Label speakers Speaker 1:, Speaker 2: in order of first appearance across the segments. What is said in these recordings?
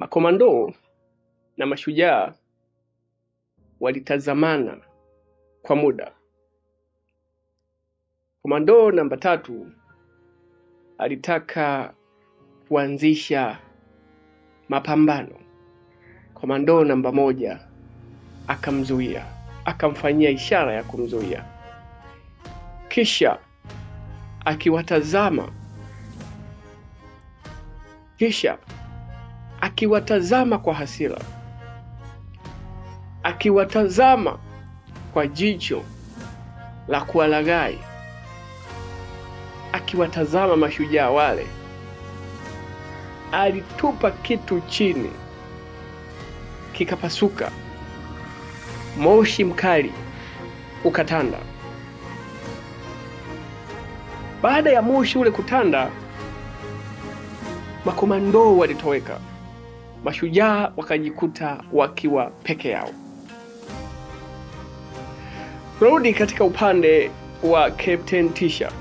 Speaker 1: Makomando na mashujaa walitazamana kwa muda. Komando namba tatu alitaka kuanzisha mapambano. Komando namba moja akamzuia, akamfanyia ishara ya kumzuia, kisha akiwatazama, kisha akiwatazama kwa hasira, akiwatazama kwa jicho la kuwalaghai, akiwatazama mashujaa wale. Alitupa kitu chini kikapasuka, moshi mkali ukatanda. Baada ya moshi ule kutanda, makomando walitoweka mashujaa wakajikuta wakiwa peke yao. tunarudi katika upande wa Captain Tisha.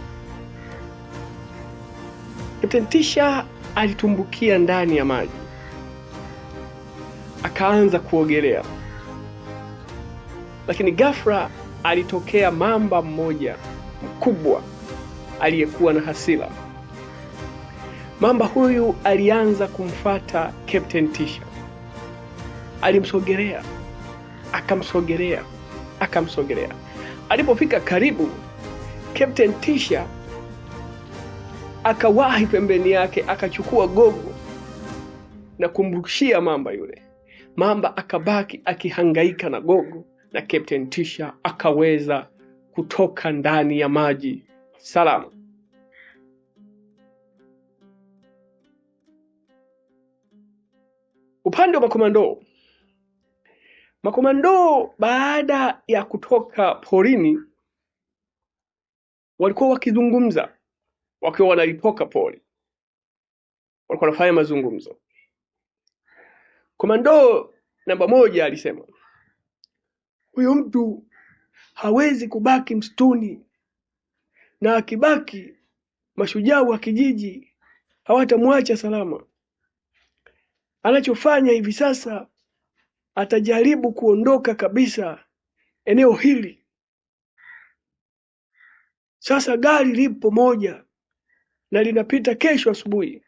Speaker 1: Captain Tisha alitumbukia ndani ya maji akaanza kuogelea, lakini ghafla alitokea mamba mmoja mkubwa aliyekuwa na hasira Mamba huyu alianza kumfata Captain Tisha, alimsogelea akamsogelea akamsogelea. Alipofika karibu, Captain Tisha akawahi pembeni yake, akachukua gogo na kumrushia mamba yule. Mamba akabaki akihangaika na gogo, na Captain Tisha akaweza kutoka ndani ya maji salama. Upande wa makomando, makomando baada ya kutoka porini walikuwa wakizungumza wakiwa wanalipoka pori, walikuwa wanafanya mazungumzo. Komando namba moja alisema, huyu mtu hawezi kubaki msituni, na akibaki mashujaa wa kijiji hawatamwacha salama. Anachofanya hivi sasa atajaribu kuondoka kabisa eneo hili. Sasa gari lipo moja na linapita kesho asubuhi,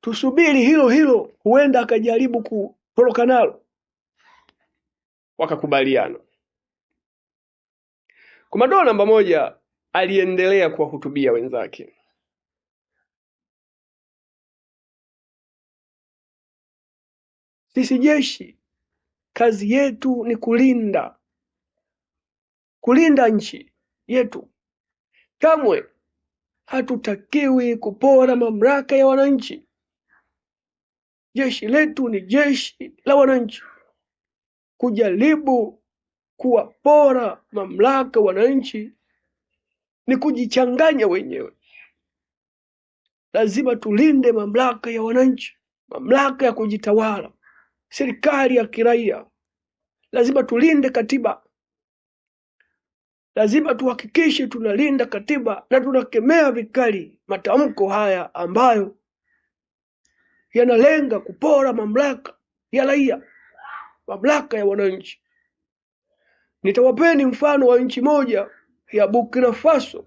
Speaker 1: tusubiri hilo hilo, huenda akajaribu kutoroka nalo. Wakakubaliana. Komadoro namba moja aliendelea kuwahutubia wenzake Sisi jeshi kazi yetu ni kulinda, kulinda nchi yetu. Kamwe hatutakiwi kupora mamlaka ya wananchi. Jeshi letu ni jeshi la wananchi. Kujaribu kuwapora mamlaka wananchi ni kujichanganya wenyewe. Lazima tulinde mamlaka ya wananchi, mamlaka ya kujitawala serikali ya kiraia, lazima tulinde katiba, lazima tuhakikishe tunalinda katiba na tunakemea vikali matamko haya ambayo yanalenga kupora mamlaka ya raia, mamlaka ya wananchi. Nitawapeni mfano wa nchi moja ya Burkina Faso.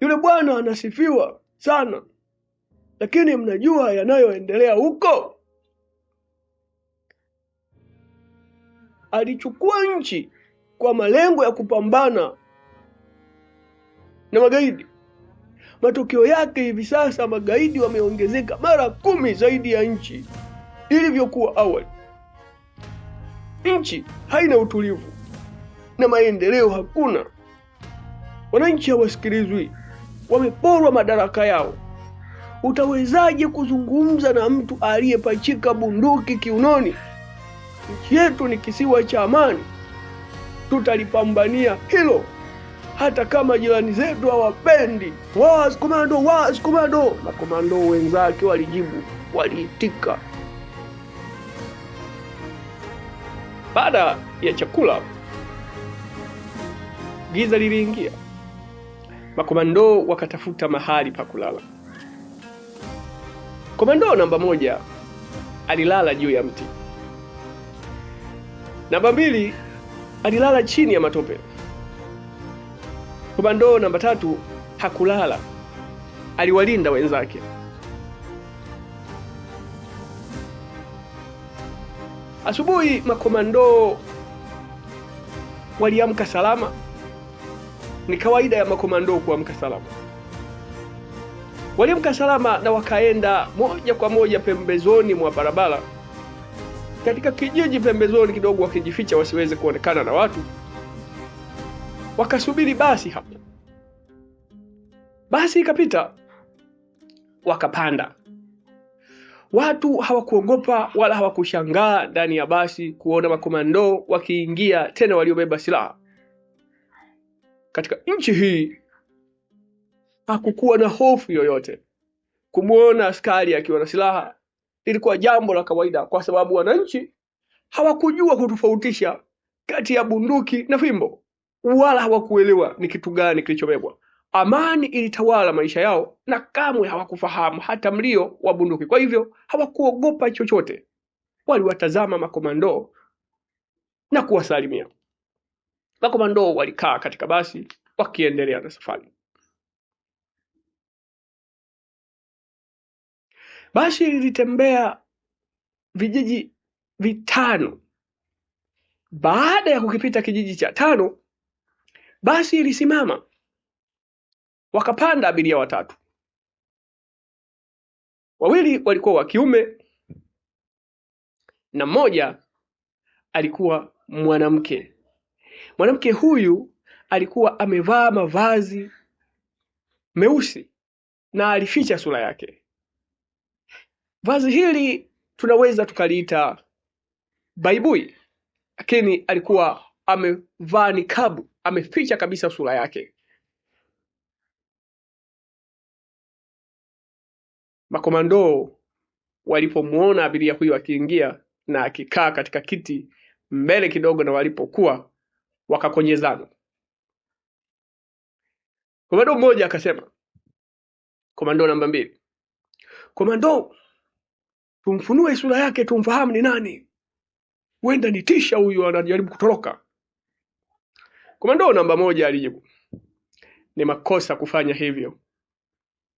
Speaker 1: Yule bwana anasifiwa sana, lakini mnajua yanayoendelea huko? alichukua nchi kwa malengo ya kupambana na magaidi. Matokeo yake hivi sasa magaidi wameongezeka mara kumi zaidi ya nchi ilivyokuwa awali. Nchi haina utulivu na maendeleo hakuna. Wananchi hawasikilizwi, wameporwa madaraka yao. Utawezaje kuzungumza na mtu aliyepachika bunduki kiunoni? nchi yetu ni kisiwa cha amani, tutalipambania hilo hata kama jirani zetu hawapendi. Waasi komando, waasi komando. Makomando wenzake walijibu, waliitika. Baada ya chakula, giza liliingia. Makomando wakatafuta mahali pa kulala. Komando namba moja alilala juu ya mti. Namba mbili, alilala chini ya matope. Komando namba tatu hakulala, aliwalinda wenzake. Asubuhi makomando waliamka salama. Ni kawaida ya makomando kuamka salama. Waliamka salama na wakaenda moja kwa moja pembezoni mwa barabara katika kijiji pembezoni kidogo, wakijificha wasiweze kuonekana na watu, wakasubiri basi hapo. Basi ikapita, wakapanda. Watu hawakuogopa wala hawakushangaa ndani ya basi kuona makomando wakiingia, tena waliobeba silaha. Katika nchi hii hakukuwa na hofu yoyote kumwona askari akiwa na silaha lilikuwa jambo la kawaida, kwa sababu wananchi hawakujua kutofautisha kati ya bunduki na fimbo, wala hawakuelewa ni kitu gani kilichobebwa. Amani ilitawala maisha yao na kamwe hawakufahamu hata mlio wa bunduki. Kwa hivyo hawakuogopa chochote, waliwatazama makomando na kuwasalimia. Makomando walikaa katika basi wakiendelea na safari. Basi lilitembea vijiji vitano. Baada ya kukipita kijiji cha tano, basi ilisimama, wakapanda abiria watatu. Wawili walikuwa wa kiume na mmoja alikuwa mwanamke. Mwanamke huyu alikuwa amevaa mavazi meusi na alificha sura yake. Vazi hili tunaweza tukaliita baibui, lakini alikuwa amevaa nikabu, ameficha kabisa sura yake. Makomando walipomwona abiria huyo akiingia na akikaa katika kiti mbele kidogo na walipokuwa, wakakonyezana. Komando mmoja akasema, komando namba mbili, komando tumfunue sura yake, tumfahamu ni nani. Huenda ni tisha huyu, anajaribu kutoroka. Komando namba moja alijibu, ni makosa kufanya hivyo.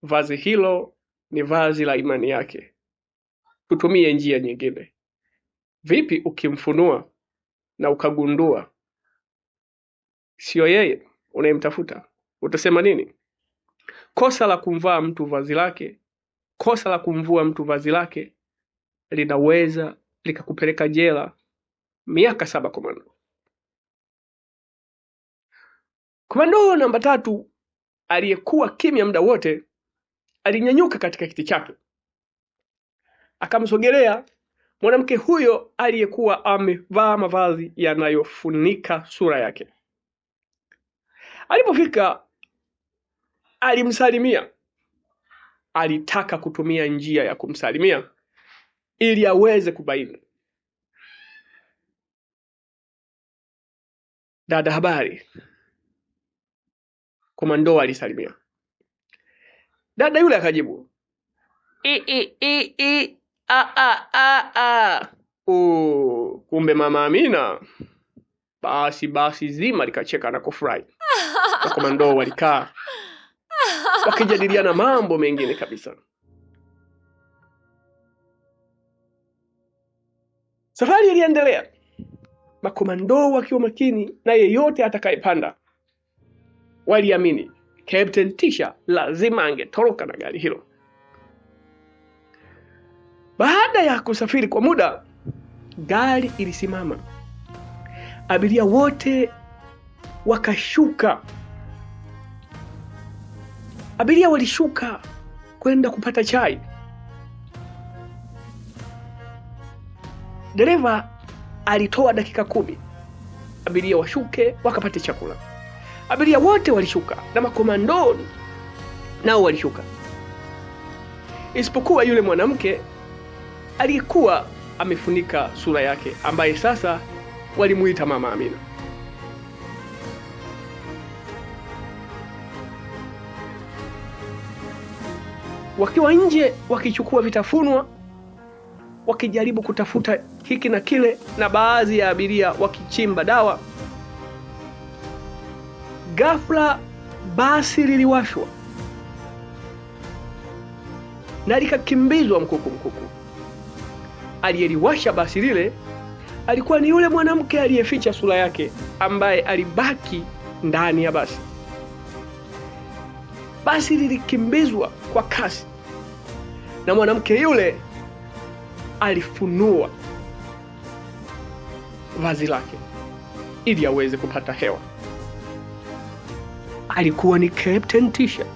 Speaker 1: Vazi hilo ni vazi la imani yake, tutumie njia nyingine. Vipi ukimfunua na ukagundua siyo yeye unayemtafuta, utasema nini? Kosa la kumvaa mtu vazi lake, kosa la kumvua mtu vazi lake linaweza likakupeleka jela miaka saba komando. Komando namba tatu aliyekuwa kimya muda wote alinyanyuka katika kiti chake, akamsogelea mwanamke huyo aliyekuwa amevaa mavazi yanayofunika sura yake. Alipofika alimsalimia, alitaka kutumia njia ya kumsalimia ili aweze kubaini. Dada habari, komando alisalimia. Dada yule akajibu
Speaker 2: i i i i a a a a.
Speaker 1: Uh, kumbe mama Amina. Basi basi zima likacheka na kufurahi na komando walikaa wakijadiliana mambo mengine kabisa. Safari iliendelea, makomando wakiwa makini na yeyote atakayepanda. Waliamini Captain Tisha lazima angetoroka na gari hilo. Baada ya kusafiri kwa muda, gari ilisimama, abiria wote wakashuka. Abiria walishuka kwenda kupata chai. Dereva alitoa dakika kumi abiria washuke wakapate chakula. Abiria wote walishuka na makomandoni nao walishuka, isipokuwa yule mwanamke aliyekuwa amefunika sura yake, ambaye sasa walimuita Mama Amina. Wakiwa nje wakichukua vitafunwa, wakijaribu kutafuta hiki na kile, na baadhi ya abiria wakichimba dawa. Ghafla basi liliwashwa na likakimbizwa mkuku mkuku. Aliyeliwasha basi lile alikuwa ni yule mwanamke aliyeficha sura yake ambaye alibaki ndani ya basi. Basi lilikimbizwa kwa kasi na mwanamke yule alifunua vazi lake ili aweze kupata hewa. Alikuwa ni Captain Tisha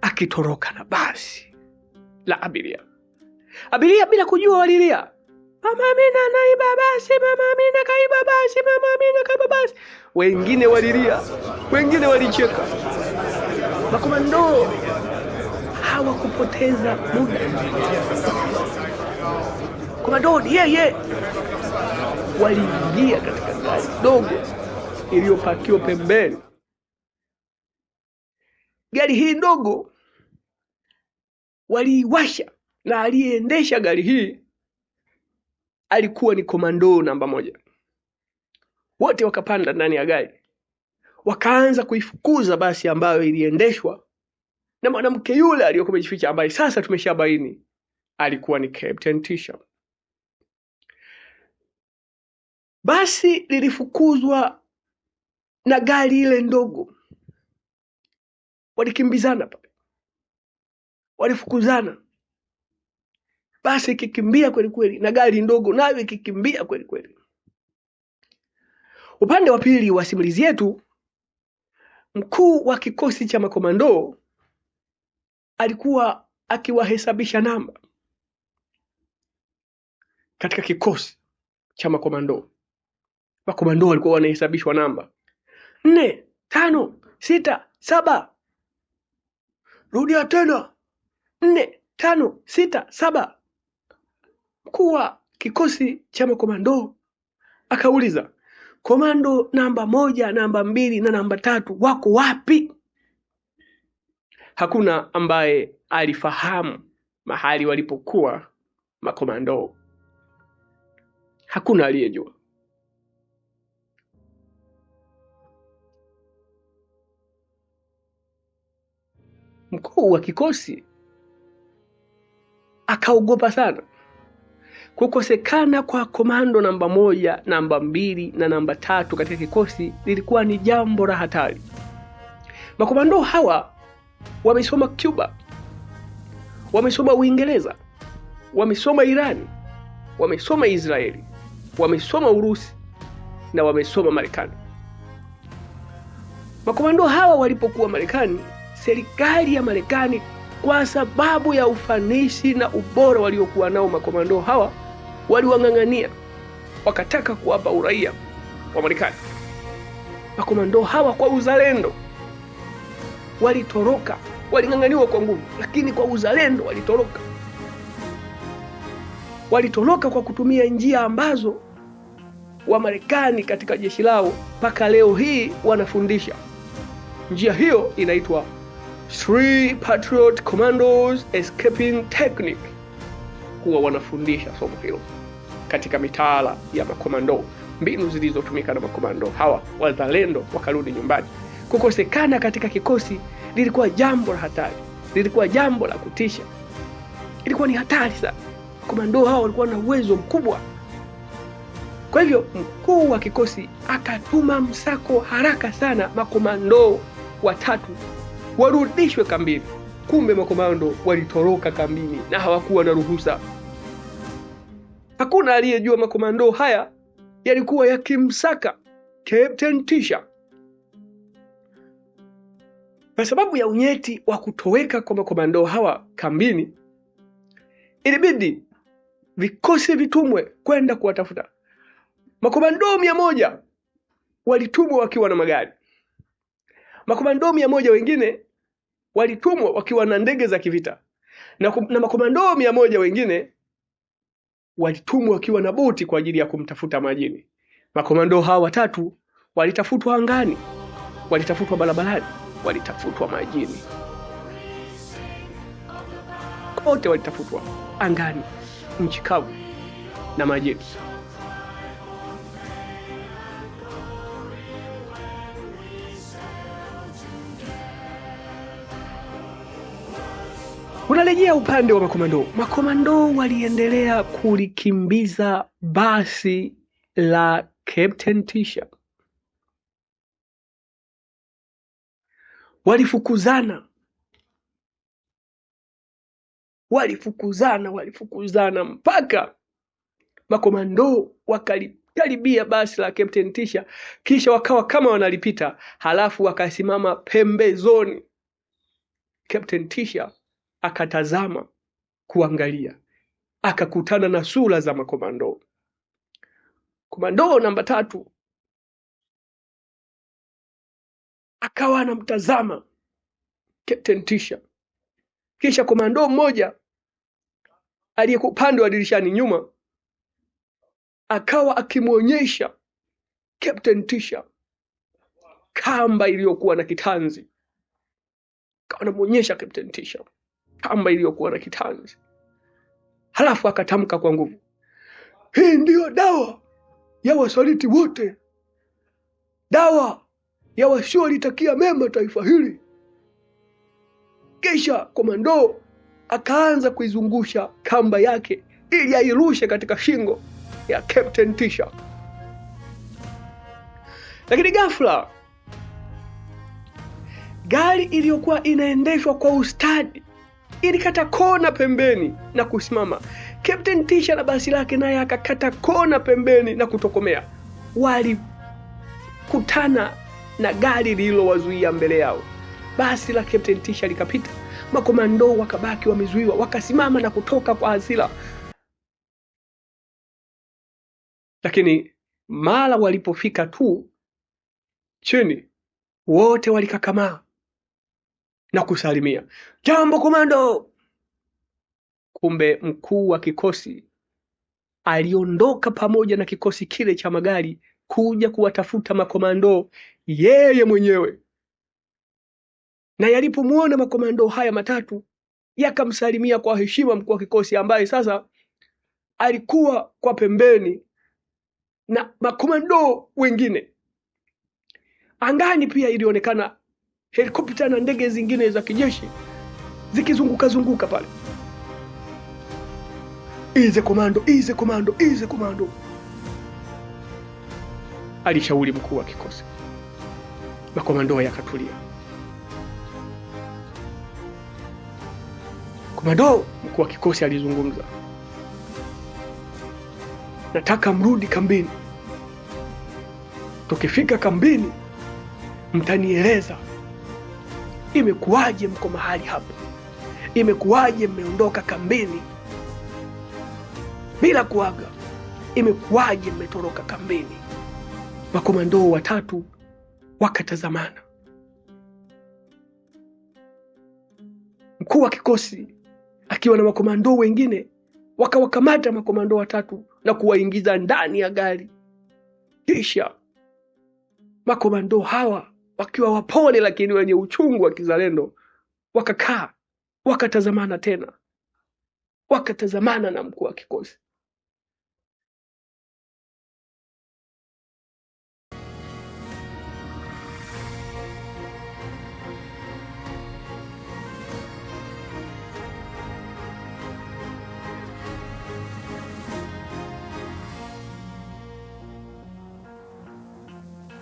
Speaker 1: akitoroka na basi la abiria. Abiria bila kujua walilia, mama Amina naiba basi, mama Amina kaiba basi, mama Amina kaiba basi. Wengine walilia, wengine walicheka. Makomando hawakupoteza muda kuna Dodi yeye, waliingia katika gari dogo iliyopakiwa pembeni. Gari hii dogo waliiwasha, na aliyeendesha gari hii alikuwa ni komando namba moja. Wote wakapanda ndani ya gari wakaanza kuifukuza basi ambayo iliendeshwa na mwanamke yule aliyokuwa amejificha, ambaye sasa tumeshabaini alikuwa ni Captain Tisha. Basi lilifukuzwa na gari ile ndogo, walikimbizana pale, walifukuzana. Basi ikikimbia kweli kweli, na gari ndogo nayo ikikimbia kweli kweli. Upande wa pili wa simulizi yetu, mkuu wa kikosi cha makomando alikuwa akiwahesabisha namba katika kikosi cha makomando makomando walikuwa wanahesabishwa namba nne, tano, sita, saba. Rudia tena nne, tano, sita, saba. Mkuu wa kikosi cha makomando akauliza, komando namba moja, namba mbili na namba tatu wako wapi? Hakuna ambaye alifahamu mahali walipokuwa makomando, hakuna aliyejua. mkuu wa kikosi akaogopa sana. Kukosekana kwa komando namba moja, namba mbili na namba tatu katika kikosi lilikuwa ni jambo la hatari. Makomando hawa wamesoma Cuba, wamesoma Uingereza, wamesoma Irani, wamesoma Israeli, wamesoma Urusi na wamesoma Marekani. Makomando hawa walipokuwa Marekani serikali ya Marekani kwa sababu ya ufanisi na ubora waliokuwa nao makomando hawa waliwang'ang'ania, wakataka kuwapa uraia wa Marekani. Makomando hawa kwa uzalendo walitoroka, waling'ang'aniwa kwa nguvu, lakini kwa uzalendo walitoroka. Walitoroka kwa kutumia njia ambazo Wamarekani katika jeshi lao mpaka leo hii wanafundisha. Njia hiyo inaitwa Three Patriot Commandos Escaping Technique kuwa wanafundisha somo hilo katika mitaala ya makomando, mbinu zilizotumika na makomando hawa wazalendo wakarudi nyumbani. Kukosekana katika kikosi lilikuwa jambo la hatari, lilikuwa jambo la kutisha, ilikuwa ni hatari sana. makomando hawa walikuwa na uwezo mkubwa. Kwa hivyo mkuu wa kikosi akatuma msako haraka sana makomando watatu warudishwe kambini. Kumbe makomando walitoroka kambini na hawakuwa na ruhusa. Hakuna aliyejua makomando haya yalikuwa yakimsaka Captain Tisha. Kwa sababu ya unyeti wa kutoweka kwa makomando hawa kambini, ilibidi vikosi vitumwe kwenda kuwatafuta makomando mia moja walitumwa wakiwa na magari. Makomando mia moja wengine walitumwa wakiwa na ndege za kivita na, kum, na makomandoo mia moja wengine walitumwa wakiwa na boti kwa ajili ya kumtafuta majini. Makomandoo hawa watatu walitafutwa angani, walitafutwa barabarani, walitafutwa majini, kote walitafutwa, angani, nchi kavu na majini. Unarejea upande wa makomando. Makomando waliendelea kulikimbiza basi la Captain Tisha, walifukuzana walifukuzana walifukuzana mpaka makomando wakalikaribia basi la Captain Tisha, kisha wakawa kama wanalipita, halafu wakasimama pembezoni. Captain Tisha akatazama kuangalia, akakutana na sura za makomando komando namba tatu akawa anamtazama Captain Tisha. Kisha komando mmoja aliyekuwa upande wa dirishani nyuma akawa akimwonyesha Captain Tisha kamba iliyokuwa na kitanzi, akawa anamwonyesha Captain Tisha kamba iliyokuwa na kitanzi, halafu akatamka kwa nguvu, hii ndiyo dawa ya wasaliti wote, dawa ya wasiolitakia mema taifa hili. Kisha komando akaanza kuizungusha kamba yake ili airushe katika shingo ya Captain Tisha, lakini ghafla gari iliyokuwa inaendeshwa kwa ustadi ilikata kona pembeni na kusimama. Captain Tisha na basi lake naye akakata kona pembeni na kutokomea. Walikutana na gari lililowazuia mbele yao. Basi la Captain Tisha likapita, makomando wakabaki wamezuiwa, wakasimama na kutoka kwa hasira. Lakini mara walipofika tu chini, wote walikakamaa na kusalimia jambo komando kumbe mkuu wa kikosi aliondoka pamoja na kikosi kile cha magari kuja kuwatafuta makomando yeye mwenyewe na yalipomwona makomando haya matatu yakamsalimia kwa heshima mkuu wa kikosi ambaye sasa alikuwa kwa pembeni na makomando wengine. Angani pia ilionekana helikopta na ndege zingine za kijeshi zikizunguka zunguka pale, ize komando, ize komando, ize komando, alishauri mkuu wa kikosi. Makomando yakatulia. Komando mkuu wa kikosi alizungumza, nataka mrudi kambini, tukifika kambini mtanieleza imekuwaje mko mahali hapo? Imekuwaje mmeondoka kambini bila kuaga? Imekuwaje mmetoroka kambini? Makomandoo watatu wakatazamana. Mkuu wa kikosi akiwa na makomandoo wengine wakawakamata makomando watatu na kuwaingiza ndani ya gari. Kisha makomando hawa wakiwa wapole lakini wenye uchungu wa kizalendo, wakakaa wakatazamana tena, wakatazamana na mkuu wa kikosi